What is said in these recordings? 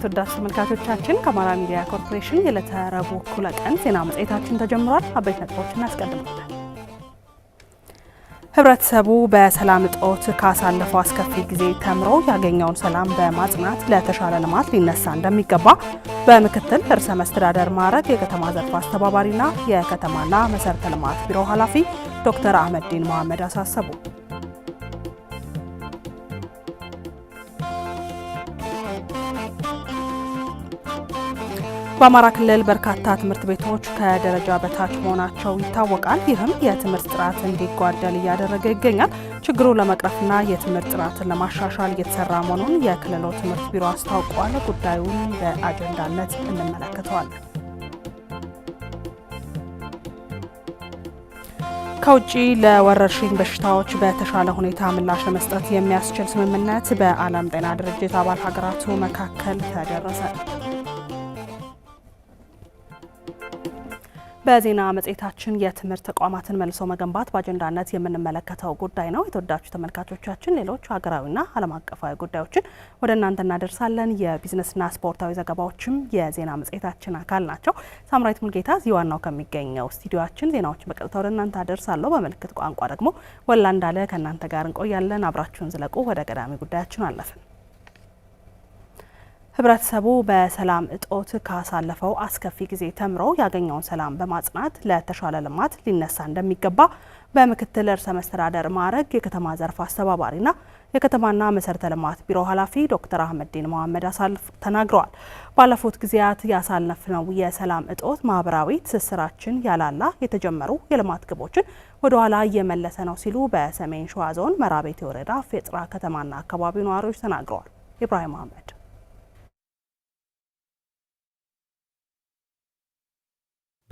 ክቡራትና የተወዳጅ ተመልካቾቻችን ከአማራ ሚዲያ ኮርፖሬሽን የዕለተ ረቡዕ እኩለ ቀን ዜና መጽሔታችን ተጀምሯል። አበይት ነጥቦች እናስቀድማለን። ህብረተሰቡ በሰላም እጦት ካሳለፈው አስከፊ ጊዜ ተምሮ ያገኘውን ሰላም በማጽናት ለተሻለ ልማት ሊነሳ እንደሚገባ በምክትል ርዕሰ መስተዳደር ማዕረግ የከተማ ዘርፍ አስተባባሪና የከተማና መሰረተ ልማት ቢሮ ኃላፊ ዶክተር አህመድዲን መሐመድ አሳሰቡ። በአማራ ክልል በርካታ ትምህርት ቤቶች ከደረጃ በታች መሆናቸው ይታወቃል። ይህም የትምህርት ጥራት እንዲጓደል እያደረገ ይገኛል። ችግሩን ለመቅረፍና የትምህርት ጥራትን ለማሻሻል እየተሰራ መሆኑን የክልሉ ትምህርት ቢሮ አስታውቋል። ጉዳዩን በአጀንዳነት እንመለከተዋለን። ከውጭ ለወረርሽኝ በሽታዎች በተሻለ ሁኔታ ምላሽ ለመስጠት የሚያስችል ስምምነት በዓለም ጤና ድርጅት አባል ሀገራቱ መካከል ተደረሰ። በዜና መጽሔታችን የትምህርት ተቋማትን መልሶ መገንባት በአጀንዳነት የምንመለከተው ጉዳይ ነው። የተወዳችሁ ተመልካቾቻችን ሌሎች ሀገራዊና ዓለም አቀፋዊ ጉዳዮችን ወደ እናንተ እናደርሳለን። የቢዝነስና ስፖርታዊ ዘገባዎችም የዜና መጽሔታችን አካል ናቸው። ሳምራዊት ሙልጌታ እዚህ ዋናው ከሚገኘው ስቱዲዮችን ዜናዎችን በቀጥታ ወደ እናንተ አደርሳለሁ። በምልክት ቋንቋ ደግሞ ወላ እንዳለ ከእናንተ ጋር እንቆያለን። አብራችሁን ዝለቁ። ወደ ቀዳሚ ጉዳያችን አለፍን። ህብረተሰቡ በሰላም እጦት ካሳለፈው አስከፊ ጊዜ ተምሮ ያገኘውን ሰላም በማጽናት ለተሻለ ልማት ሊነሳ እንደሚገባ በምክትል ርዕሰ መስተዳደር ማዕረግ የከተማ ዘርፍ አስተባባሪና የከተማና መሰረተ ልማት ቢሮ ኃላፊ ዶክተር አህመዲን መሐመድ አሳልፍ ተናግረዋል። ባለፉት ጊዜያት ያሳለፍነው የሰላም እጦት ማህበራዊ ትስስራችን ያላላ የተጀመሩ የልማት ግቦችን ወደኋላ እየመለሰ ነው ሲሉ በሰሜን ሸዋ ዞን መራቤቴ ወረዳ ፌጥራ ከተማና አካባቢው ነዋሪዎች ተናግረዋል። ኢብራሂም መሐመድ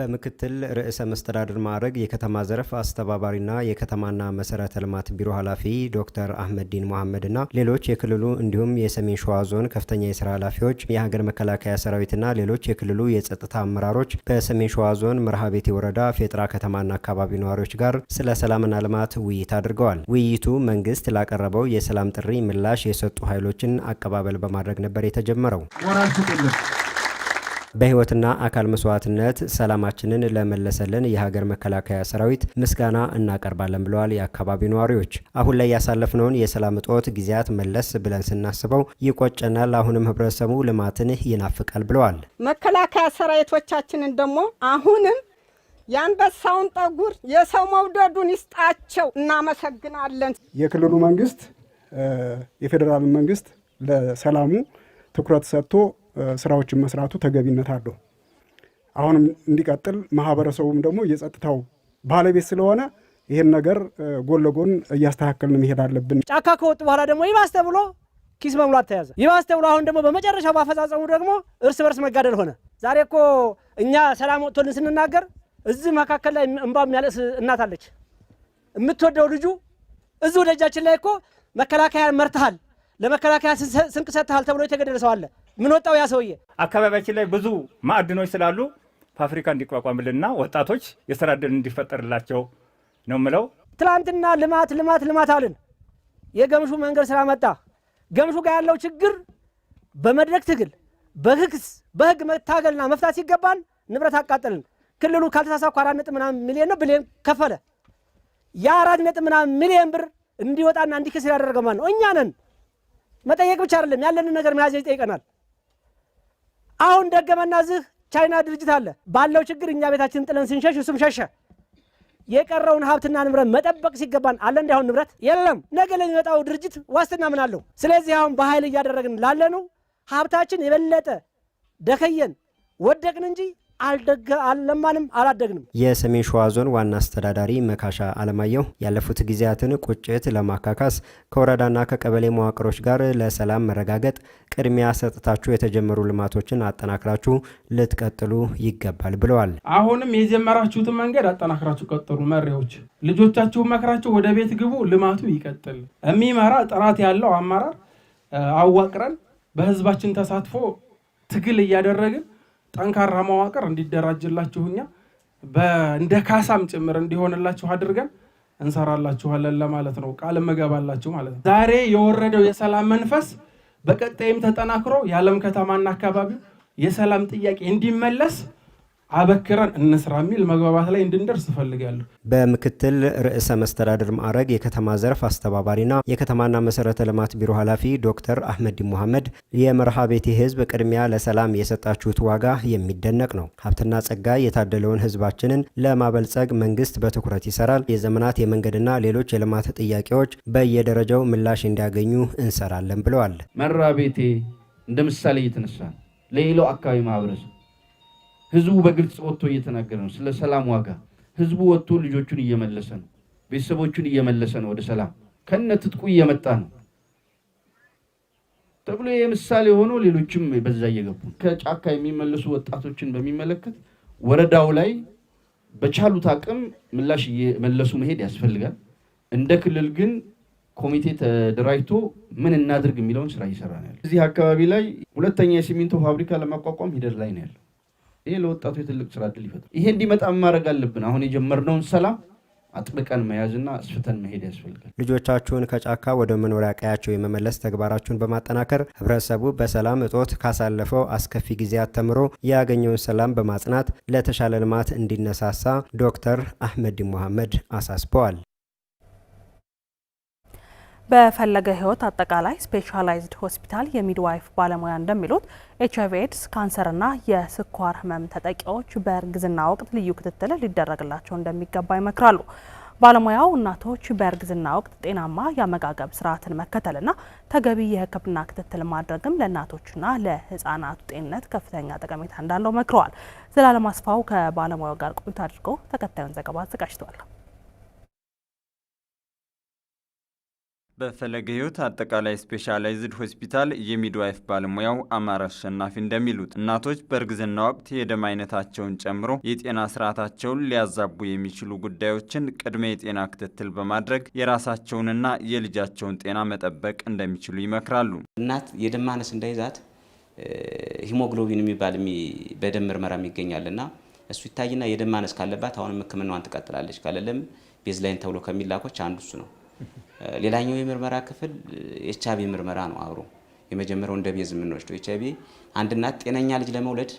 በምክትል ርዕሰ መስተዳድር ማዕረግ የከተማ ዘርፍ አስተባባሪና የከተማና መሰረተ ልማት ቢሮ ኃላፊ ዶክተር አህመዲን መሐመድና ሌሎች የክልሉ እንዲሁም የሰሜን ሸዋ ዞን ከፍተኛ የስራ ኃላፊዎች፣ የሀገር መከላከያ ሰራዊትና ሌሎች የክልሉ የጸጥታ አመራሮች በሰሜን ሸዋ ዞን መርሃ ቤቴ ወረዳ ፌጥራ ከተማና አካባቢ ነዋሪዎች ጋር ስለ ሰላምና ልማት ውይይት አድርገዋል። ውይይቱ መንግስት ላቀረበው የሰላም ጥሪ ምላሽ የሰጡ ኃይሎችን አቀባበል በማድረግ ነበር የተጀመረው። በህይወትና አካል መስዋዕትነት ሰላማችንን ለመለሰልን የሀገር መከላከያ ሰራዊት ምስጋና እናቀርባለን ብለዋል የአካባቢው ነዋሪዎች። አሁን ላይ ያሳለፍነውን የሰላም እጦት ጊዜያት መለስ ብለን ስናስበው ይቆጨናል። አሁንም ህብረተሰቡ ልማትን ይናፍቃል ብለዋል። መከላከያ ሰራዊቶቻችንን ደግሞ አሁንም የአንበሳውን ጠጉር የሰው መውደዱን ይስጣቸው። እናመሰግናለን። የክልሉ መንግስት የፌዴራል መንግስት ለሰላሙ ትኩረት ሰጥቶ ስራዎችን መስራቱ ተገቢነት አለው። አሁንም እንዲቀጥል ማህበረሰቡም ደግሞ የጸጥታው ባለቤት ስለሆነ ይህን ነገር ጎን ለጎን እያስተካከልን መሄድ አለብን። ጫካ ከወጡ በኋላ ደግሞ ይባስ ተብሎ ኪስ መሙላት ተያዘ። ይባስ ተብሎ አሁን ደግሞ በመጨረሻው ባፈጻጸሙ ደግሞ እርስ በርስ መጋደል ሆነ። ዛሬ እኮ እኛ ሰላም ወጥቶልን ስንናገር እዚህ መካከል ላይ እንባ የሚያለቅስ እናት አለች። የምትወደው ልጁ እዚሁ ደጃችን ላይ እኮ መከላከያ መርተሃል፣ ለመከላከያ ስንቅ ሰጥተሃል ተብሎ የተገደለ ሰው አለ። ምን ወጣው ያ ሰውዬ። አካባቢያችን ላይ ብዙ ማዕድኖች ስላሉ ፋብሪካ እንዲቋቋምልና ወጣቶች የስራ እድል እንዲፈጠርላቸው ነው ምለው። ትላንትና ልማት ልማት ልማት አልን። የገምሹ መንገድ ስራ መጣ። ገምሹ ጋር ያለው ችግር በመድረክ ትግል በህግስ በህግ መታገልና መፍታት ሲገባን ንብረት አቃጠልን። ክልሉ ካልተሳሳኩ አራት ነጥብ ምናምን ሚሊዮን ነው ብሌን ከፈለ። አራት ነጥብ ምናምን ሚሊዮን ብር እንዲወጣና እንዲከስር ያደረገ ነው? እኛ ነን። መጠየቅ ብቻ አይደለም ያለንን ነገር መያዝ ይጠይቀናል። አሁን ደገመና እዚህ ቻይና ድርጅት አለ ባለው ችግር እኛ ቤታችን ጥለን ስንሸሽ እሱም ሸሸ። የቀረውን ሀብትና ንብረት መጠበቅ ሲገባን አለ እንዲሁን ንብረት የለም። ነገ ለሚመጣው ድርጅት ዋስትና ምን አለው? ስለዚህ አሁን በኃይል እያደረግን ላለኑ ሀብታችን የበለጠ ደከየን ወደቅን እንጂ አልደገ አልለማንም አላደግንም። የሰሜን ሸዋ ዞን ዋና አስተዳዳሪ መካሻ አለማየሁ ያለፉት ጊዜያትን ቁጭት ለማካካስ ከወረዳና ከቀበሌ መዋቅሮች ጋር ለሰላም መረጋገጥ ቅድሚያ ሰጥታችሁ የተጀመሩ ልማቶችን አጠናክራችሁ ልትቀጥሉ ይገባል ብለዋል። አሁንም የጀመራችሁትን መንገድ አጠናክራችሁ ቀጥሉ። መሪዎች ልጆቻችሁ መክራችሁ ወደ ቤት ግቡ። ልማቱ ይቀጥል። የሚመራ ጥራት ያለው አመራር አዋቅረን በህዝባችን ተሳትፎ ትግል እያደረግን ጠንካራ መዋቅር እንዲደራጅላችሁ እኛ እንደ ካሳም ጭምር እንዲሆንላችሁ አድርገን እንሰራላችኋለን ለማለት ነው። ቃል እምገባላችሁ ማለት ነው። ዛሬ የወረደው የሰላም መንፈስ በቀጣይም ተጠናክሮ የዓለም ከተማና አካባቢው የሰላም ጥያቄ እንዲመለስ አበክረን እንስራ የሚል መግባባት ላይ እንድንደርስ እፈልጋለሁ። በምክትል ርዕሰ መስተዳድር ማዕረግ የከተማ ዘርፍ አስተባባሪና የከተማና መሰረተ ልማት ቢሮ ኃላፊ ዶክተር አህመዲን ሙሐመድ የመርሃ ቤቴ ህዝብ ቅድሚያ ለሰላም የሰጣችሁት ዋጋ የሚደነቅ ነው። ሀብትና ጸጋ የታደለውን ህዝባችንን ለማበልጸግ መንግስት በትኩረት ይሰራል። የዘመናት የመንገድና ሌሎች የልማት ጥያቄዎች በየደረጃው ምላሽ እንዲያገኙ እንሰራለን ብለዋል። መርሃ ቤቴ እንደ ምሳሌ እየተነሳ ለሌላው አካባቢ ማህበረሰብ ህዝቡ በግልጽ ወጥቶ እየተናገረ ነው። ስለ ሰላም ዋጋ ህዝቡ ወጥቶ ልጆቹን እየመለሰ ነው። ቤተሰቦቹን እየመለሰ ነው። ወደ ሰላም ከነ ትጥቁ እየመጣ ነው ተብሎ ይህ ምሳሌ ሆኖ ሌሎችም በዛ እየገቡ ከጫካ የሚመለሱ ወጣቶችን በሚመለከት ወረዳው ላይ በቻሉት አቅም ምላሽ እየመለሱ መሄድ ያስፈልጋል። እንደ ክልል ግን ኮሚቴ ተደራጅቶ ምን እናድርግ የሚለውን ስራ እየሰራ ነው ያለው። እዚህ አካባቢ ላይ ሁለተኛ የሲሚንቶ ፋብሪካ ለማቋቋም ሂደት ላይ ነው ያለው። ይሄ ለወጣቱ የትልቅ ስራ እድል ይፈጥራል። ይሄ እንዲመጣ ማድረግ አለብን። አሁን የጀመርነውን ሰላም አጥብቀን መያዝና አስፍተን መሄድ ያስፈልጋል። ልጆቻችሁን ከጫካ ወደ መኖሪያ ቀያቸው የመመለስ ተግባራችሁን በማጠናከር ህብረተሰቡ በሰላም እጦት ካሳለፈው አስከፊ ጊዜያት ተምሮ ያገኘውን ሰላም በማጽናት ለተሻለ ልማት እንዲነሳሳ ዶክተር አህመዲን ሙሐመድ አሳስበዋል። በፈለገ ህይወት አጠቃላይ ስፔሻላይዝድ ሆስፒታል የሚድዋይፍ ባለሙያ እንደሚሉት ኤች አይቪ ኤድስ፣ ካንሰርና የስኳር ህመም ተጠቂዎች በእርግዝና ወቅት ልዩ ክትትል ሊደረግላቸው እንደሚገባ ይመክራሉ። ባለሙያው እናቶች በእርግዝና ወቅት ጤናማ የአመጋገብ ስርዓትን መከተልና ተገቢ የህክምና ክትትል ማድረግም ለእናቶችና ለህፃናቱ ጤንነት ከፍተኛ ጠቀሜታ እንዳለው መክረዋል። ዘላለም አስፋው ከባለሙያው ጋር ቆይታ አድርጎ ተከታዩን ዘገባ አዘጋጅተዋል። በፈለገ ሕይወት አጠቃላይ ስፔሻላይዝድ ሆስፒታል የሚድዋይፍ ባለሙያው አማር አሸናፊ እንደሚሉት እናቶች በእርግዝና ወቅት የደም አይነታቸውን ጨምሮ የጤና ስርዓታቸውን ሊያዛቡ የሚችሉ ጉዳዮችን ቅድመ የጤና ክትትል በማድረግ የራሳቸውንና የልጃቸውን ጤና መጠበቅ እንደሚችሉ ይመክራሉ። እናት የደም ማነስ እንዳይዛት ሂሞግሎቢን የሚባል በደም ምርመራ ይገኛልና እሱ ይታይና የደም ማነስ ካለባት አሁንም ሕክምናዋን ትቀጥላለች። ካለለም ቤዝላይን ተብሎ ከሚላኮች አንዱ እሱ ነው። ሌላኛው የምርመራ ክፍል ኤች አይቪ ምርመራ ነው። አብሮ የመጀመሪያው እንደ ቤዝ የምንወስደው ኤች አይቪ አንድ እናት ጤነኛ ልጅ ለመውለድ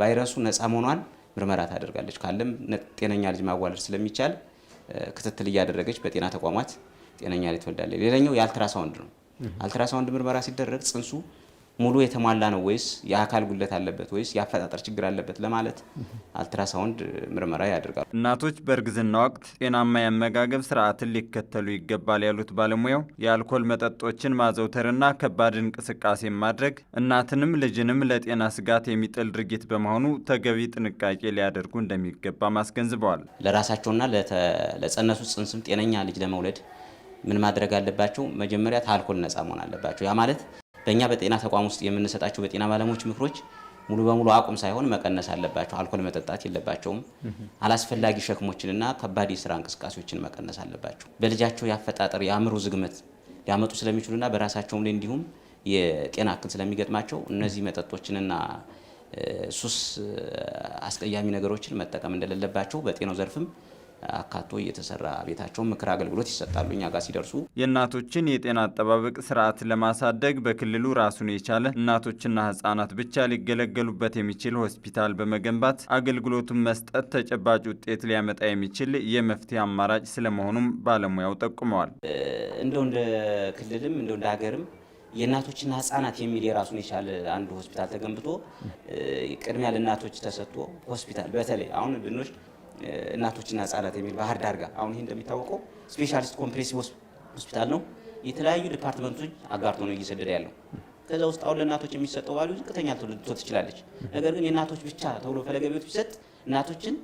ቫይረሱ ነፃ መሆኗን ምርመራ ታደርጋለች። ካለም ጤነኛ ልጅ ማዋለድ ስለሚቻል ክትትል እያደረገች በጤና ተቋማት ጤነኛ ልጅ ትወልዳለች። ሌላኛው የአልትራሳውንድ ነው። አልትራሳውንድ ምርመራ ሲደረግ ጽንሱ ሙሉ የተሟላ ነው ወይስ የአካል ጉለት አለበት ወይስ የአፈጣጠር ችግር አለበት ለማለት አልትራሳውንድ ምርመራ ያደርጋሉ። እናቶች በእርግዝና ወቅት ጤናማ የአመጋገብ ስርዓትን ሊከተሉ ይገባል ያሉት ባለሙያው የአልኮል መጠጦችን ማዘውተርና ከባድ እንቅስቃሴ ማድረግ እናትንም ልጅንም ለጤና ስጋት የሚጥል ድርጊት በመሆኑ ተገቢ ጥንቃቄ ሊያደርጉ እንደሚገባ አስገንዝበዋል። ለራሳቸውና ለጸነሱ ጽንስም ጤነኛ ልጅ ለመውለድ ምን ማድረግ አለባቸው? መጀመሪያ ከአልኮል ነጻ መሆን አለባቸው። ያ ማለት በእኛ በጤና ተቋም ውስጥ የምንሰጣቸው በጤና ባለሙያዎች ምክሮች ሙሉ በሙሉ አቁም ሳይሆን መቀነስ አለባቸው። አልኮል መጠጣት የለባቸውም። አላስፈላጊ ሸክሞችንና ከባድ የስራ እንቅስቃሴዎችን መቀነስ አለባቸው። በልጃቸው ያፈጣጠር የአእምሮ ዝግመት ሊያመጡ ስለሚችሉና በራሳቸውም ላይ እንዲሁም የጤና እክል ስለሚገጥማቸው እነዚህ መጠጦችንና ሱስ አስቀያሚ ነገሮችን መጠቀም እንደሌለባቸው በጤናው ዘርፍም አካቶ እየተሰራ ቤታቸውን ምክር አገልግሎት ይሰጣሉ። እኛ ጋር ሲደርሱ የእናቶችን የጤና አጠባበቅ ስርዓት ለማሳደግ በክልሉ ራሱን የቻለ እናቶችና ህጻናት ብቻ ሊገለገሉበት የሚችል ሆስፒታል በመገንባት አገልግሎቱን መስጠት ተጨባጭ ውጤት ሊያመጣ የሚችል የመፍትሄ አማራጭ ስለመሆኑም ባለሙያው ጠቁመዋል። እንደው እንደ ክልልም እንደው እንደ ሀገርም የእናቶችና ህጻናት የሚል የራሱን የቻለ አንድ ሆስፒታል ተገንብቶ ቅድሚያ ለእናቶች ተሰጥቶ ሆስፒታል በተለይ አሁን ብንወስድ እናቶችና ህጻናት የሚል ባህር ዳር ጋር አሁን ይሄ እንደሚታወቀው ስፔሻሊስት ኮምፕሬሲቭ ሆስፒታል ነው። የተለያዩ ዲፓርትመንቶች አጋርቶ ነው እየሰደደ ያለው። ከዛ ውስጥ አሁን ለእናቶች የሚሰጠው ባሉ ዝቅተኛ ልቶ ትችላለች። ነገር ግን የእናቶች ብቻ ተብሎ ፈለገ ቤት ቢሰጥ እናቶችን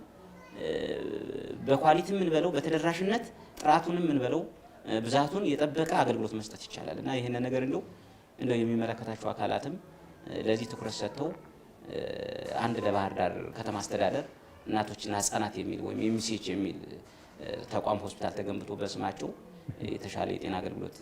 በኳሊቲ የምንበለው በተደራሽነት ጥራቱንም የምንበለው ብዛቱን የጠበቀ አገልግሎት መስጠት ይቻላል እና ይህንን ነገር እንደው እንደው የሚመለከታቸው አካላትም ለዚህ ትኩረት ሰጥተው አንድ ለባህር ዳር ከተማ አስተዳደር እናቶችና ህጻናት የሚል ወይም የሚሴች የሚል ተቋም ሆስፒታል ተገንብቶ በስማቸው የተሻለ የጤና አገልግሎት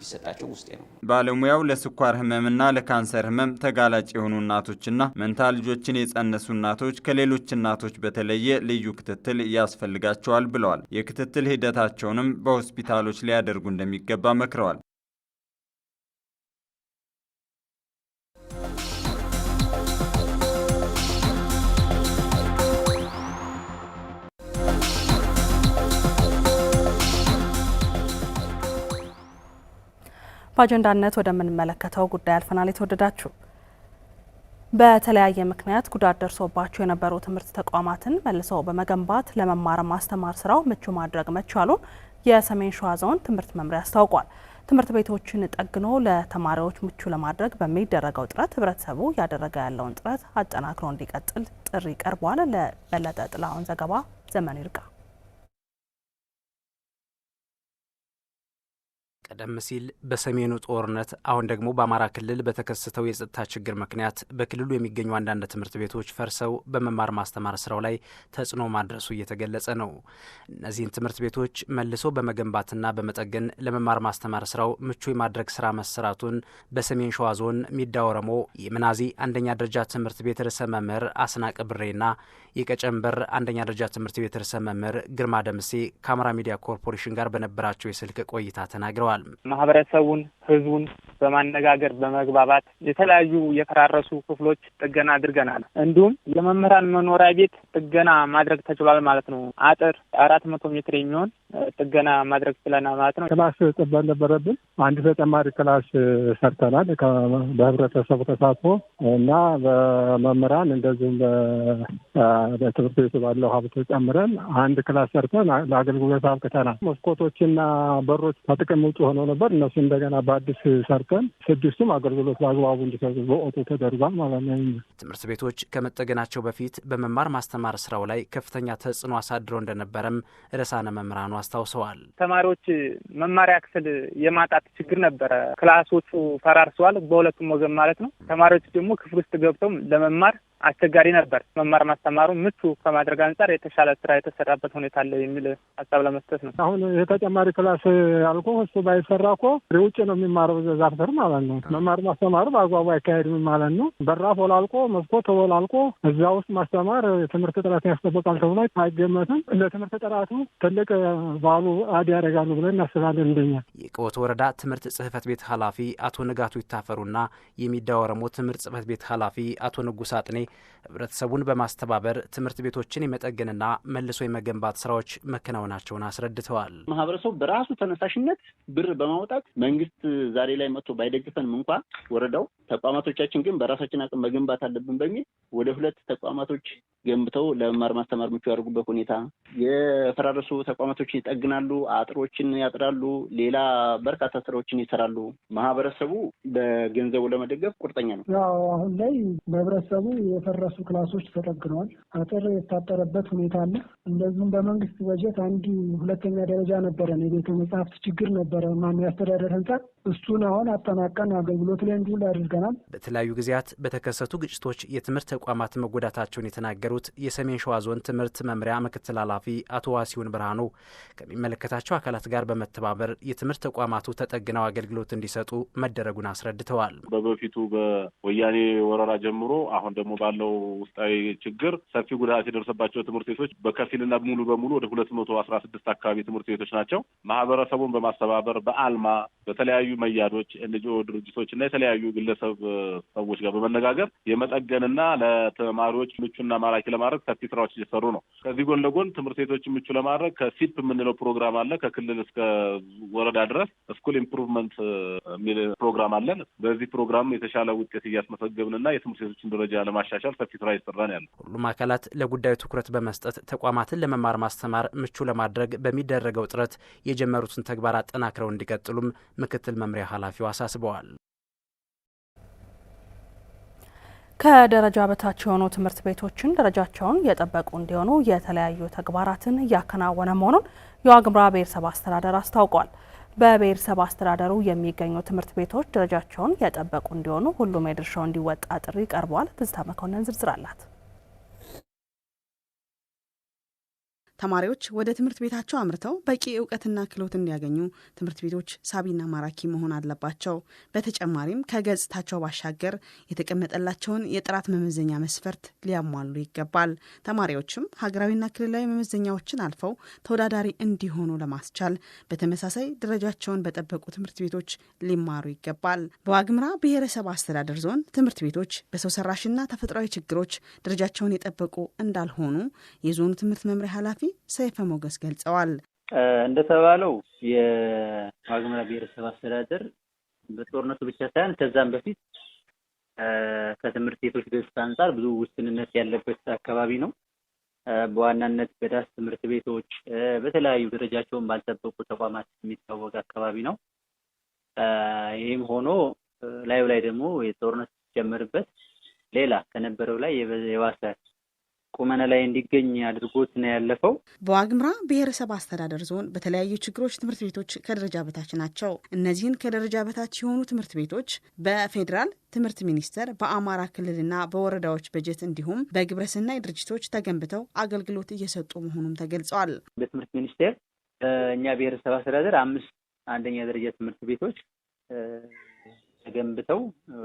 ቢሰጣቸው ውስጤ ነው። ባለሙያው ለስኳር ህመምና ለካንሰር ህመም ተጋላጭ የሆኑ እናቶችና መንታ ልጆችን የጸነሱ እናቶች ከሌሎች እናቶች በተለየ ልዩ ክትትል ያስፈልጋቸዋል ብለዋል። የክትትል ሂደታቸውንም በሆስፒታሎች ሊያደርጉ እንደሚገባ መክረዋል። በአጀንዳነት ወደምንመለከተው ጉዳይ አልፈናል። የተወደዳችሁ በተለያየ ምክንያት ጉዳት ደርሶባቸው የነበሩ ትምህርት ተቋማትን መልሶ በመገንባት ለመማር ማስተማር ስራው ምቹ ማድረግ መቻሉን የሰሜን ሸዋ ዞን ትምህርት መምሪያ አስታውቋል። ትምህርት ቤቶችን ጠግኖ ለተማሪዎች ምቹ ለማድረግ በሚደረገው ጥረት ህብረተሰቡ እያደረገ ያለውን ጥረት አጠናክሮ እንዲቀጥል ጥሪ ቀርቧል። ለበለጠ ጥላሁን ዘገባ ዘመኑ ይርቃ። ቀደም ሲል በሰሜኑ ጦርነት አሁን ደግሞ በአማራ ክልል በተከሰተው የጸጥታ ችግር ምክንያት በክልሉ የሚገኙ አንዳንድ ትምህርት ቤቶች ፈርሰው በመማር ማስተማር ስራው ላይ ተጽዕኖ ማድረሱ እየተገለጸ ነው። እነዚህን ትምህርት ቤቶች መልሶ በመገንባትና በመጠገን ለመማር ማስተማር ስራው ምቹ የማድረግ ስራ መሰራቱን በሰሜን ሸዋ ዞን ሚዳ ወረሞ የምናዚ አንደኛ ደረጃ ትምህርት ቤት ርዕሰ መምህር አስናቅ ብሬና የቀጨንበር አንደኛ ደረጃ ትምህርት ቤት ርዕሰ መምህር ግርማ ደምሴ ከአማራ ሚዲያ ኮርፖሬሽን ጋር በነበራቸው የስልክ ቆይታ ተናግረዋል። ተናግረዋል። ማህበረሰቡን ህዝቡን በማነጋገር በመግባባት የተለያዩ የፈራረሱ ክፍሎች ጥገና አድርገናል። እንዲሁም የመምህራን መኖሪያ ቤት ጥገና ማድረግ ተችሏል ማለት ነው። አጥር አራት መቶ ሜትር የሚሆን ጥገና ማድረግ ችለናል ማለት ነው። ክላስ ጥበብ ነበረብን። አንድ ተጨማሪ ክላስ ሰርተናል በህብረተሰቡ ተሳትፎ እና በመምህራን እንደዚሁም በትምህርት ቤቱ ባለው ሀብቶ ጨምረን አንድ ክላስ ሰርተን ለአገልግሎት አብቅተናል። መስኮቶችና በሮች ከጥቅም ውጭ ሆነው ነበር። እነሱ እንደገና በአዲስ ሰርተን ስድስቱም አገልግሎት በአግባቡ እንዲሰጡ በኦቶ ተደርጓል ማለት ነው። ትምህርት ቤቶች ከመጠገናቸው በፊት በመማር ማስተማር ስራው ላይ ከፍተኛ ተጽዕኖ አሳድረው እንደነበረም ርዕሳነ መምህራኑ አስታውሰዋል። ተማሪዎች መማሪያ ክፍል የማጣት ችግር ነበረ። ክላሶቹ ፈራርሰዋል፣ በሁለቱም ወገን ማለት ነው። ተማሪዎች ደግሞ ክፍል ውስጥ ገብተውም ለመማር አስቸጋሪ ነበር። መማር ማስተማሩ ምቹ ከማድረግ አንጻር የተሻለ ስራ የተሰራበት ሁኔታ አለ የሚል ሀሳብ ለመስጠት ነው። አሁን የተጨማሪ ክላስ ያልኮ እሱ ባይሰራ እኮ ውጭ ነው የሚማረው ዛፍተር ማለት ነው። መማር ማስተማሩ በአግባቡ አይካሄድም ማለት ነው። በራፍ ወላልቆ መስኮ ተወላልቆ እዛ ውስጥ ማስተማር ትምህርት ጥራት ያስጠበቃል ተብሎ አይገመትም። ለትምህርት ጥራቱ ትልቅ ባሉ አድ ያደርጋሉ ብለን እናስባለን። እንደኛ የቀወት ወረዳ ትምህርት ጽህፈት ቤት ኃላፊ አቶ ንጋቱ ይታፈሩና የሚዳወረሞ ትምህርት ጽህፈት ቤት ኃላፊ አቶ ንጉሳጥኔ ህብረተሰቡን በማስተባበር ትምህርት ቤቶችን የመጠገንና መልሶ የመገንባት ስራዎች መከናወናቸውን አስረድተዋል። ማህበረሰቡ በራሱ ተነሳሽነት ብር በማውጣት መንግስት ዛሬ ላይ መጥቶ ባይደግፈንም እንኳ ወረዳው ተቋማቶቻችን ግን በራሳችን አቅም መገንባት አለብን በሚል ወደ ሁለት ተቋማቶች ገንብተው ለመማር ማስተማር ምቹ ያደርጉበት ሁኔታ፣ የፈራረሱ ተቋማቶችን ይጠግናሉ፣ አጥሮችን ያጥራሉ፣ ሌላ በርካታ ስራዎችን ይሰራሉ። ማህበረሰቡ በገንዘቡ ለመደገፍ ቁርጠኛ ነው። ያው አሁን ላይ በህብረተሰቡ የፈረሱ ክላሶች ተጠግነዋል። አጥር የታጠረበት ሁኔታ አለ። እንደዚሁም በመንግስት በጀት አንድ ሁለተኛ ደረጃ ነበረን የቤተ መጽሐፍት ችግር ነበረ። ማን ያስተዳደር ህንጻ እሱን አሁን አጠናቀን አገልግሎት ላይ እንዲውል አድርገናል። በተለያዩ ጊዜያት በተከሰቱ ግጭቶች የትምህርት ተቋማት መጎዳታቸውን የተናገሩት የሰሜን ሸዋ ዞን ትምህርት መምሪያ ምክትል ኃላፊ አቶ ዋሲሁን ብርሃኑ ከሚመለከታቸው አካላት ጋር በመተባበር የትምህርት ተቋማቱ ተጠግነው አገልግሎት እንዲሰጡ መደረጉን አስረድተዋል። በበፊቱ በወያኔ ወረራ ጀምሮ አሁን ደግሞ ባለው ውስጣዊ ችግር ሰፊ ጉዳት የደረሰባቸው ትምህርት ቤቶች በከፊልና ሙሉ በሙሉ ወደ ሁለት መቶ አስራ ስድስት አካባቢ ትምህርት ቤቶች ናቸው። ማህበረሰቡን በማስተባበር በአልማ በተለያዩ መያዶች ኤንጂኦ ድርጅቶች እና የተለያዩ ግለሰብ ሰዎች ጋር በመነጋገር የመጠገንና ለተማሪዎች ምቹና ማራኪ ለማድረግ ሰፊ ስራዎች እየሰሩ ነው። ከዚህ ጎን ለጎን ትምህርት ቤቶች ምቹ ለማድረግ ከሲፕ የምንለው ፕሮግራም አለ። ከክልል እስከ ወረዳ ድረስ ስኩል ኢምፕሩቭመንት የሚል ፕሮግራም አለን። በዚህ ፕሮግራም የተሻለ ውጤት እያስመሰገብንና የትምህርት ቤቶችን ደረጃ ለማሻሻል ሰፊ ስራ እየሰራን ያለ ሁሉም አካላት ለጉዳዩ ትኩረት በመስጠት ተቋማትን ለመማር ማስተማር ምቹ ለማድረግ በሚደረገው ጥረት የጀመሩትን ተግባር አጠናክረው እንዲቀጥሉም ምክትል መምሪያ ኃላፊው አሳስበዋል። ከደረጃ በታች የሆኑ ትምህርት ቤቶችን ደረጃቸውን የጠበቁ እንዲሆኑ የተለያዩ ተግባራትን እያከናወነ መሆኑን የዋግምራ ብሔረሰብ አስተዳደር አስታውቋል። በብሔረሰብ አስተዳደሩ የሚገኙ ትምህርት ቤቶች ደረጃቸውን የጠበቁ እንዲሆኑ ሁሉም የድርሻው እንዲወጣ ጥሪ ቀርቧል። ትዝታ መኮንን ዝርዝር አላት። ተማሪዎች ወደ ትምህርት ቤታቸው አምርተው በቂ እውቀትና ክህሎት እንዲያገኙ ትምህርት ቤቶች ሳቢና ማራኪ መሆን አለባቸው። በተጨማሪም ከገጽታቸው ባሻገር የተቀመጠላቸውን የጥራት መመዘኛ መስፈርት ሊያሟሉ ይገባል። ተማሪዎችም ሀገራዊና ክልላዊ መመዘኛዎችን አልፈው ተወዳዳሪ እንዲሆኑ ለማስቻል በተመሳሳይ ደረጃቸውን በጠበቁ ትምህርት ቤቶች ሊማሩ ይገባል። በዋግምራ ብሔረሰብ አስተዳደር ዞን ትምህርት ቤቶች በሰው ሰራሽና ተፈጥሯዊ ችግሮች ደረጃቸውን የጠበቁ እንዳልሆኑ የዞኑ ትምህርት መምሪያ ኃላፊ ሰይፈ ሞገስ ገልጸዋል። እንደተባለው የዋግምራ ብሔረሰብ አስተዳደር በጦርነቱ ብቻ ሳይሆን ከዛም በፊት ከትምህርት ቤቶች ገጽታ አንጻር ብዙ ውስንነት ያለበት አካባቢ ነው። በዋናነት በዳስ ትምህርት ቤቶች በተለያዩ ደረጃቸውን ባልጠበቁ ተቋማት የሚታወቅ አካባቢ ነው። ይህም ሆኖ ላዩ ላይ ደግሞ የጦርነት ሲጀመርበት ሌላ ከነበረው ላይ የባሰ ቁመና ላይ እንዲገኝ አድርጎት ነው ያለፈው። በዋግምራ ብሔረሰብ አስተዳደር ዞን በተለያዩ ችግሮች ትምህርት ቤቶች ከደረጃ በታች ናቸው። እነዚህን ከደረጃ በታች የሆኑ ትምህርት ቤቶች በፌዴራል ትምህርት ሚኒስቴር በአማራ ክልልና በወረዳዎች በጀት እንዲሁም በግብረሰናይ ድርጅቶች ተገንብተው አገልግሎት እየሰጡ መሆኑም ተገልጸዋል። በትምህርት ሚኒስቴር እኛ ብሔረሰብ አስተዳደር አምስት አንደኛ ደረጃ ትምህርት ቤቶች ተገንብተው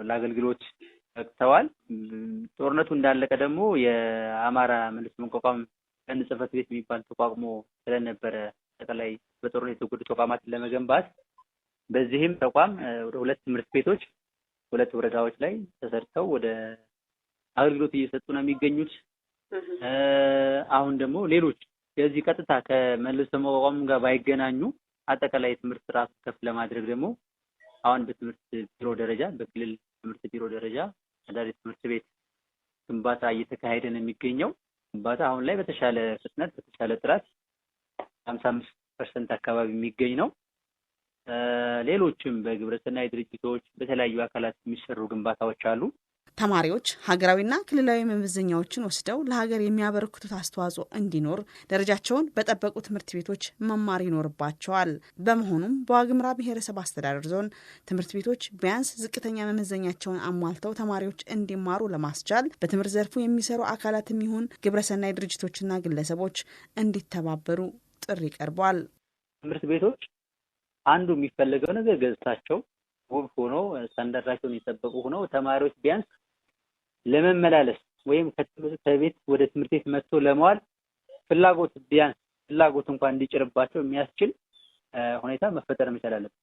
ለአገልግሎት ተግተዋል። ጦርነቱ እንዳለቀ ደግሞ የአማራ መልሶ መቋቋም ቀን ጽህፈት ቤት የሚባል ተቋቁሞ ስለነበረ አጠቃላይ በጦርነት የተጎዱ ተቋማትን ለመገንባት በዚህም ተቋም ወደ ሁለት ትምህርት ቤቶች ሁለት ወረዳዎች ላይ ተሰርተው ወደ አገልግሎት እየሰጡ ነው የሚገኙት። አሁን ደግሞ ሌሎች የዚህ ቀጥታ ከመልሶ መቋቋም ጋር ባይገናኙ አጠቃላይ ትምህርት ጥራት ከፍ ለማድረግ ደግሞ አሁን በትምህርት ቢሮ ደረጃ በክልል ትምህርት ቢሮ ደረጃ አዳሪ ትምህርት ቤት ግንባታ እየተካሄደ ነው የሚገኘው። ግንባታ አሁን ላይ በተሻለ ፍጥነት በተሻለ ጥራት ሀምሳ አምስት ፐርሰንት አካባቢ የሚገኝ ነው። ሌሎችም በግብረሰናይ ድርጅቶች በተለያዩ አካላት የሚሰሩ ግንባታዎች አሉ። ተማሪዎች ሀገራዊና ክልላዊ መመዘኛዎችን ወስደው ለሀገር የሚያበረክቱት አስተዋጽኦ እንዲኖር ደረጃቸውን በጠበቁ ትምህርት ቤቶች መማር ይኖርባቸዋል። በመሆኑም በዋግምራ ብሔረሰብ አስተዳደር ዞን ትምህርት ቤቶች ቢያንስ ዝቅተኛ መመዘኛቸውን አሟልተው ተማሪዎች እንዲማሩ ለማስቻል በትምህርት ዘርፉ የሚሰሩ አካላት የሚሆን ግብረሰናይ ድርጅቶችና ግለሰቦች እንዲተባበሩ ጥሪ ቀርቧል። ትምህርት ቤቶች አንዱ የሚፈለገው ነገር ገጽታቸው ውብ ሆኖ ስታንዳርዳቸውን የጠበቁ ሆነው ተማሪዎች ቢያንስ ለመመላለስ ወይም ከቤት ወደ ትምህርት ቤት መጥቶ ለመዋል ፍላጎት ቢያንስ ፍላጎት እንኳን እንዲጭርባቸው የሚያስችል ሁኔታ መፈጠር መቻል አለበት።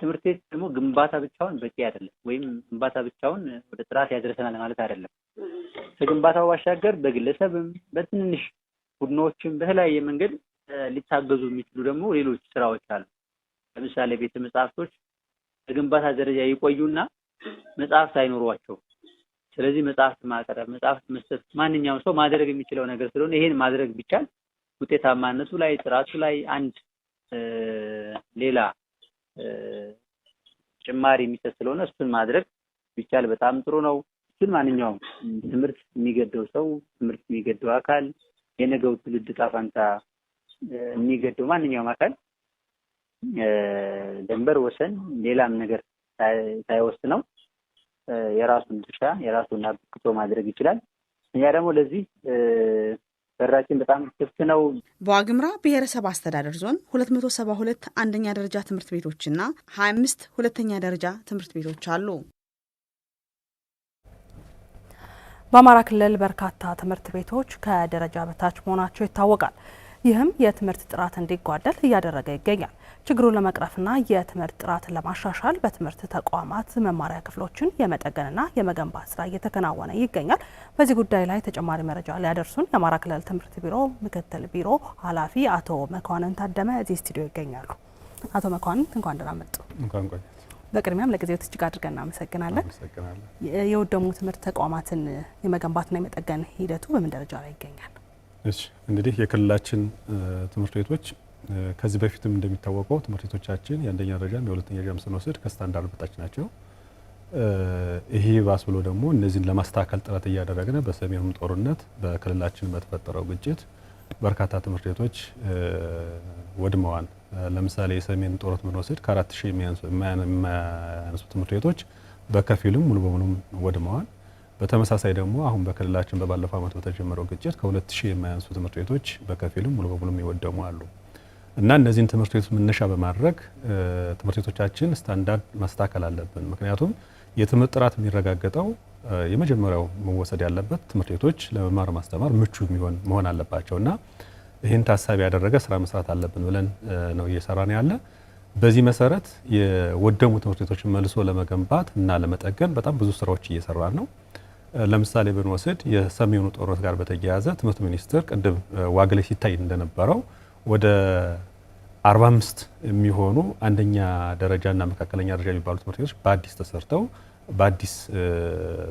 ትምህርት ቤት ደግሞ ግንባታ ብቻውን በቂ አይደለም፣ ወይም ግንባታ ብቻውን ወደ ጥራት ያደረሰናል ማለት አይደለም። ከግንባታው ባሻገር በግለሰብም በትንንሽ ቡድኖችም በተለያየ መንገድ ሊታገዙ የሚችሉ ደግሞ ሌሎች ስራዎች አሉ። ለምሳሌ ቤተ መጽሐፍቶች በግንባታ ደረጃ ይቆዩና መጽሐፍት አይኖሯቸውም። ስለዚህ መጽሐፍት ማቅረብ መጽሐፍት መስጠት ማንኛውም ሰው ማድረግ የሚችለው ነገር ስለሆነ ይሄን ማድረግ ቢቻል ውጤታማነቱ ላይ ጥራቱ ላይ አንድ ሌላ ጭማሪ የሚሰጥ ስለሆነ እሱን ማድረግ ቢቻል በጣም ጥሩ ነው። እሱን ማንኛውም ትምህርት የሚገደው ሰው ትምህርት የሚገደው አካል የነገው ትውልድ ጣፋንታ የሚገደው ማንኛውም አካል ደንበር፣ ወሰን፣ ሌላም ነገር ነው። የራሱን ድርሻ የራሱን አበርክቶ ማድረግ ይችላል። እኛ ደግሞ ለዚህ በራችን በጣም ክፍት ነው። በዋግምራ ብሔረሰብ አስተዳደር ዞን ሁለት መቶ ሰባ ሁለት አንደኛ ደረጃ ትምህርት ቤቶችና ሀያ አምስት ሁለተኛ ደረጃ ትምህርት ቤቶች አሉ። በአማራ ክልል በርካታ ትምህርት ቤቶች ከደረጃ በታች መሆናቸው ይታወቃል። ይህም የትምህርት ጥራት እንዲጓደል እያደረገ ይገኛል። ችግሩን ለመቅረፍና የትምህርት ጥራትን ለማሻሻል በትምህርት ተቋማት መማሪያ ክፍሎችን የመጠገንና የመገንባት ስራ እየተከናወነ ይገኛል። በዚህ ጉዳይ ላይ ተጨማሪ መረጃ ሊያደርሱን የአማራ ክልል ትምህርት ቢሮ ምክትል ቢሮ ኃላፊ አቶ መኳንን ታደመ እዚህ ስቱዲዮ ይገኛሉ። አቶ መኳንን እንኳን ደህና መጡ። በቅድሚያም ለጊዜው እጅግ አድርገን እናመሰግናለን። የወደሙ ትምህርት ተቋማትን የመገንባትና የመጠገን ሂደቱ በምን ደረጃ ላይ ይገኛል? እሺ እንግዲህ የክልላችን ትምህርት ቤቶች ከዚህ በፊትም እንደሚታወቀው ትምህርት ቤቶቻችን የአንደኛ ደረጃም የሁለተኛ ደረጃም ስንወስድ ከስታንዳርድ በታች ናቸው። ይሄ ባስ ብሎ ደግሞ እነዚህን ለማስተካከል ጥረት እያደረግን በሰሜኑም ጦርነት በክልላችን በተፈጠረው ግጭት በርካታ ትምህርት ቤቶች ወድመዋል። ለምሳሌ የሰሜን ጦርነት ብንወስድ ከአራት ሺህ የማያነሱ ትምህርት ቤቶች በከፊልም ሙሉ በሙሉም ወድመዋል። በተመሳሳይ ደግሞ አሁን በክልላችን በባለፈው ዓመት በተጀመረው ግጭት ከሁለት ሺህ የማያንሱ ትምህርት ቤቶች በከፊልም ሙሉ በሙሉም ይወደሙ አሉ። እና እነዚህን ትምህርት ቤቶች መነሻ በማድረግ ትምህርት ቤቶቻችን ስታንዳርድ ማስተካከል አለብን። ምክንያቱም የትምህርት ጥራት የሚረጋገጠው የመጀመሪያው መወሰድ ያለበት ትምህርት ቤቶች ለመማር ማስተማር ምቹ የሚሆን መሆን አለባቸው እና ይህን ታሳቢ ያደረገ ስራ መስራት አለብን ብለን ነው እየሰራን ያለ። በዚህ መሰረት የወደሙ ትምህርት ቤቶችን መልሶ ለመገንባት እና ለመጠገን በጣም ብዙ ስራዎች እየሰራን ነው። ለምሳሌ ብንወስድ የሰሜኑ ጦርነት ጋር በተያያዘ ትምህርት ሚኒስቴር ቅድም ዋግ ላይ ሲታይ እንደነበረው ወደ 45 የሚሆኑ አንደኛ ደረጃ እና መካከለኛ ደረጃ የሚባሉ ትምህርት ቤቶች በአዲስ ተሰርተው በአዲስ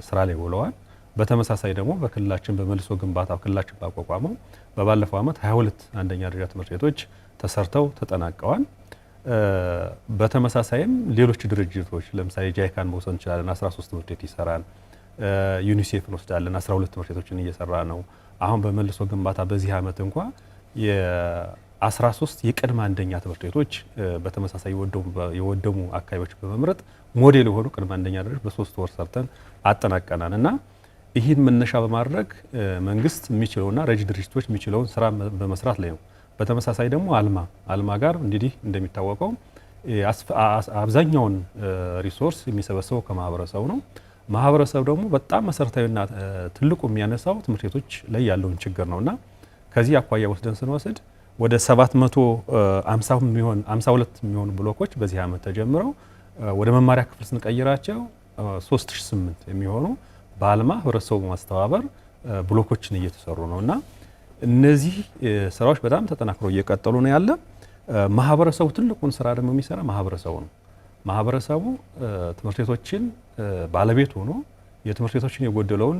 ስራ ላይ ውለዋል። በተመሳሳይ ደግሞ በክልላችን በመልሶ ግንባታ ክልላችን ባቋቋመው በባለፈው ዓመት 22 አንደኛ ደረጃ ትምህርት ቤቶች ተሰርተው ተጠናቀዋል። በተመሳሳይም ሌሎች ድርጅቶች ለምሳሌ ጃይካን መውሰድ እንችላለን። 13 ትምህርት ቤት ይሰራል። ዩኒሴፍን ወስዳለን። 12 ትምህርት ቤቶችን እየሰራ ነው። አሁን በመልሶ ግንባታ በዚህ ዓመት እንኳ 13 የቅድመ አንደኛ ትምህርት ቤቶች በተመሳሳይ የወደሙ አካባቢዎች በመምረጥ ሞዴል የሆኑ ቅድመ አንደኛ ደረጃ በሶስት ወር ሰርተን አጠናቀናል እና ይህን መነሻ በማድረግ መንግስት የሚችለውና ረጅ ድርጅቶች የሚችለውን ስራ በመስራት ላይ ነው። በተመሳሳይ ደግሞ አልማ አልማ ጋር እንግዲህ እንደሚታወቀው አብዛኛውን ሪሶርስ የሚሰበሰበው ከማህበረሰቡ ነው። ማህበረሰቡ ደግሞ በጣም መሰረታዊና ትልቁ የሚያነሳው ትምህርት ቤቶች ላይ ያለውን ችግር ነው እና ከዚህ አኳያ ወስደን ስንወስድ ወደ 750 የሚሆን 52 የሚሆኑ ብሎኮች በዚህ ዓመት ተጀምረው ወደ መማሪያ ክፍል ስንቀይራቸው 3008 የሚሆኑ በአልማ ህብረተሰቡ በማስተባበር ብሎኮችን እየተሰሩ ነው እና እነዚህ ስራዎች በጣም ተጠናክሮ እየቀጠሉ ነው ያለ። ማህበረሰቡ ትልቁን ስራ ደግሞ የሚሰራ ማህበረሰቡ ነው። ማህበረሰቡ ትምህርት ቤቶችን ባለቤት ሆኖ የትምህርት ቤቶችን የጎደለውን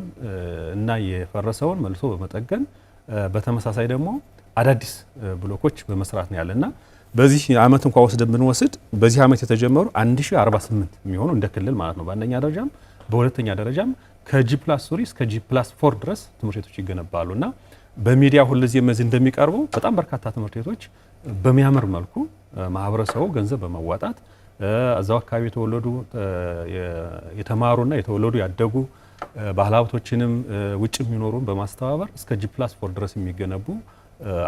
እና የፈረሰውን መልሶ በመጠገን በተመሳሳይ ደግሞ አዳዲስ ብሎኮች በመስራት ነው ያለና በዚህ አመት እንኳ ወስደን ብንወስድ በዚህ አመት የተጀመሩ 1048 የሚሆኑ እንደ ክልል ማለት ነው በአንደኛ ደረጃም በሁለተኛ ደረጃም ከጂ ፕላስ ሶሪ እስከ ጂ ፕላስ ፎር ድረስ ትምህርት ቤቶች ይገነባሉ እና በሚዲያ ሁልጊዜም መዚህ እንደሚቀርቡ በጣም በርካታ ትምህርት ቤቶች በሚያምር መልኩ ማህበረሰቡ ገንዘብ በማዋጣት እዛው አካባቢ የተወለዱ የተማሩና የተወለዱ ያደጉ ባለሀብቶችንም ውጭ የሚኖሩን በማስተባበር እስከ ጂ ፕላስ ፎር ድረስ የሚገነቡ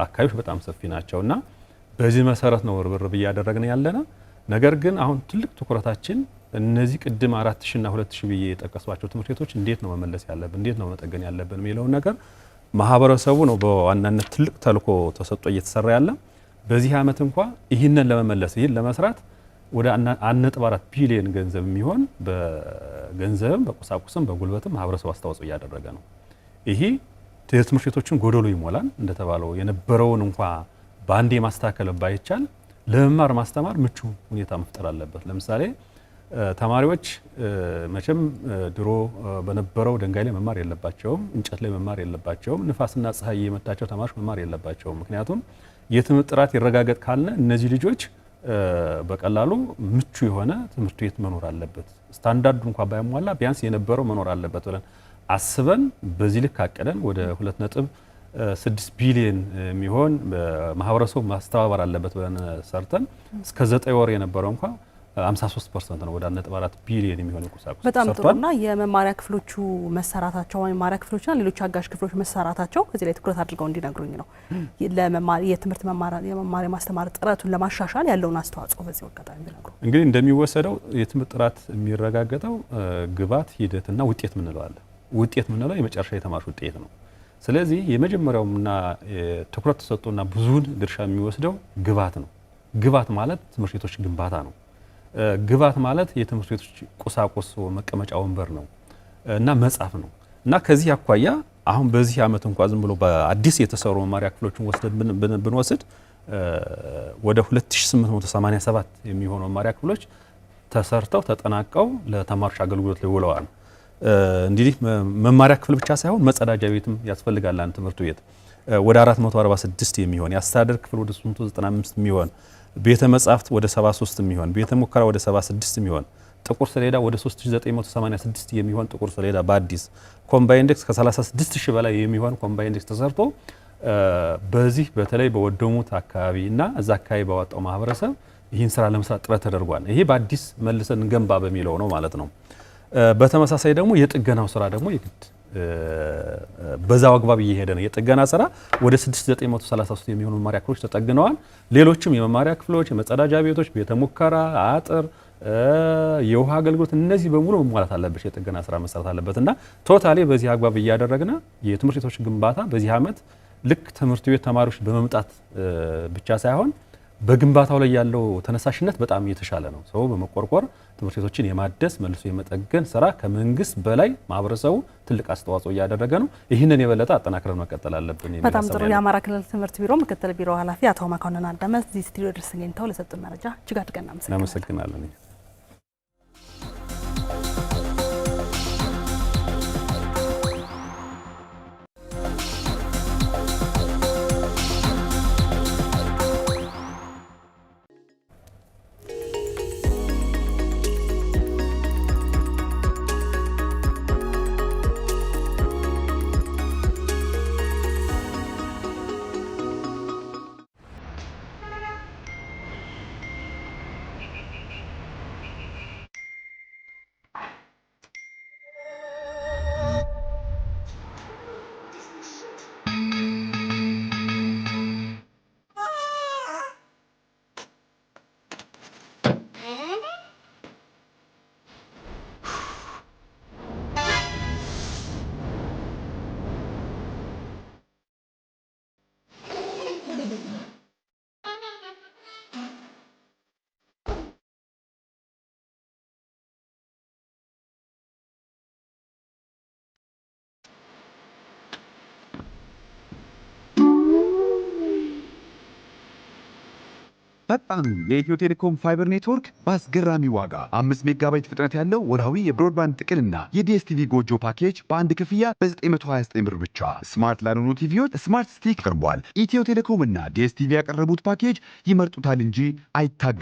አካባቢዎች በጣም ሰፊ ናቸው እና በዚህ መሰረት ነው ርብርብ እያደረግን ያለነ። ነገር ግን አሁን ትልቅ ትኩረታችን እነዚህ ቅድም አራት ሺ እና ሁለት ሺ ብዬ የጠቀስባቸው ትምህርት ቤቶች እንዴት ነው መመለስ ያለብን፣ እንዴት ነው መጠገን ያለብን የሚለውን ነገር ማህበረሰቡ ነው በዋናነት ትልቅ ተልኮ ተሰጥቶ እየተሰራ ያለ። በዚህ ዓመት እንኳ ይህንን ለመመለስ ይህን ለመስራት ወደ አንድ ነጥብ አራት ቢሊዮን ገንዘብ የሚሆን በገንዘብም በቁሳቁስም በጉልበትም ማህበረሰቡ አስተዋጽኦ እያደረገ ነው ይሄ ትምህርት ቤቶችን ጎደሎ ይሞላል። እንደተባለው የነበረውን እንኳ በአንዴ ማስተካከል ባይቻል ለመማር ማስተማር ምቹ ሁኔታ መፍጠር አለበት። ለምሳሌ ተማሪዎች መቼም ድሮ በነበረው ድንጋይ ላይ መማር የለባቸውም፣ እንጨት ላይ መማር የለባቸውም፣ ንፋስና ፀሐይ የመታቸው ተማሪዎች መማር የለባቸውም። ምክንያቱም የትምህርት ጥራት ይረጋገጥ ካልነ እነዚህ ልጆች በቀላሉ ምቹ የሆነ ትምህርት ቤት መኖር አለበት። ስታንዳርዱ እንኳ ባይሟላ ቢያንስ የነበረው መኖር አለበት ብለን አስበን በዚህ ልክ አቅደን ወደ ሁለት ነጥብ ስድስት ቢሊዮን የሚሆን ማህበረሰቡ ማስተባበር አለበት ብለን ሰርተን እስከ ዘጠኝ ወር የነበረው እንኳ 53 ፐርሰንት ነው ወደ 1.4 ቢሊዮን የሚሆን ቁሳቁስ በጣም ጥሩና የመማሪያ ክፍሎቹ መሰራታቸው መማሪያ ክፍሎችና ሌሎች አጋዥ ክፍሎች መሰራታቸው ከዚህ ላይ ትኩረት አድርገው እንዲነግሩኝ ነው። የትምህርት የመማሪያ ማስተማር ጥረቱን ለማሻሻል ያለውን አስተዋጽኦ በዚህ አጋጣሚ ቢነግሩ። እንግዲህ እንደሚወሰደው የትምህርት ጥራት የሚረጋገጠው ግብዓት ሂደትና ውጤት ምንለዋለን ውጤት የምንለው የመጨረሻ የተማሪዎች ውጤት ነው። ስለዚህ የመጀመሪያውና ትኩረት ተሰጥቶና ብዙውን ድርሻ የሚወስደው ግብዓት ነው። ግብዓት ማለት ትምህርት ቤቶች ግንባታ ነው። ግብዓት ማለት የትምህርት ቤቶች ቁሳቁስ መቀመጫ ወንበር ነው እና መጽሐፍ ነው እና ከዚህ አኳያ አሁን በዚህ ዓመት እንኳ ዝም ብሎ በአዲስ የተሰሩ መማሪያ ክፍሎችን ወስደን ብንወስድ ወደ 2887 የሚሆኑ መማሪያ ክፍሎች ተሰርተው ተጠናቀው ለተማሪዎች አገልግሎት ላይ ውለዋል። እንግዲህ መማሪያ ክፍል ብቻ ሳይሆን መጸዳጃ ቤትም ያስፈልጋል። አንድ ትምህርት ቤት ወደ 446 የሚሆን የአስተዳደር ክፍል ወደ 395 የሚሆን ቤተ መጻሕፍት ወደ 73 የሚሆን ቤተ ሙከራ ወደ 76 የሚሆን ጥቁር ሰሌዳ ወደ 3986 የሚሆን ጥቁር ሰሌዳ በአዲስ ኮምባይ ኢንዴክስ ከ36000 በላይ የሚሆን ኮምባይ ተሰርቶ በዚህ በተለይ በወደሙት አካባቢ እና እዛ አካባቢ ባወጣው ማህበረሰብ ይህን ስራ ለመስራት ጥረት ተደርጓል። ይሄ በአዲስ መልሰን እንገንባ በሚለው ነው ማለት ነው። በተመሳሳይ ደግሞ የጥገናው ስራ ደግሞ የግድ በዛው አግባብ እየሄደ ነው። የጥገና ስራ ወደ 6933 የሚሆኑ መማሪያ ክፍሎች ተጠግነዋል። ሌሎችም የመማሪያ ክፍሎች፣ የመጸዳጃ ቤቶች፣ ቤተ ሙከራ፣ አጥር፣ የውሃ አገልግሎት እነዚህ በሙሉ መሟላት አለበት። የጥገና ስራ መሰራት አለበት እና ቶታሌ በዚህ አግባብ እያደረግነ የትምህርት ቤቶች ግንባታ በዚህ ዓመት ልክ ትምህርት ቤት ተማሪዎች በመምጣት ብቻ ሳይሆን በግንባታው ላይ ያለው ተነሳሽነት በጣም እየተሻለ ነው። ሰው በመቆርቆር ትምህርት ቤቶችን የማደስ መልሶ የመጠገን ስራ ከመንግስት በላይ ማህበረሰቡ ትልቅ አስተዋጽኦ እያደረገ ነው። ይህንን የበለጠ አጠናክረን መቀጠል አለብን። በጣም ጥሩ። የአማራ ክልል ትምህርት ቢሮ ምክትል ቢሮ ኃላፊ አቶ መኮንን አዳመ እዚህ ስቱዲዮ ድረስ ገኝተው ለሰጡን መረጃ እጅግ አድርገን እናመሰግናለን። ፈጣኑ የኢትዮ ቴሌኮም ፋይበር ኔትወርክ በአስገራሚ ዋጋ አምስት ሜጋባይት ፍጥነት ያለው ወርሃዊ የብሮድባንድ ጥቅልና የዲኤስቲቪ ጎጆ ፓኬጅ በአንድ ክፍያ በ929 ብር ብቻ። ስማርት ላልሆኑ ቲቪዎች ስማርት ስቲክ ቀርቧል። ኢትዮ ቴሌኮም እና ዲኤስቲቪ ያቀረቡት ፓኬጅ ይመርጡታል እንጂ አይታገ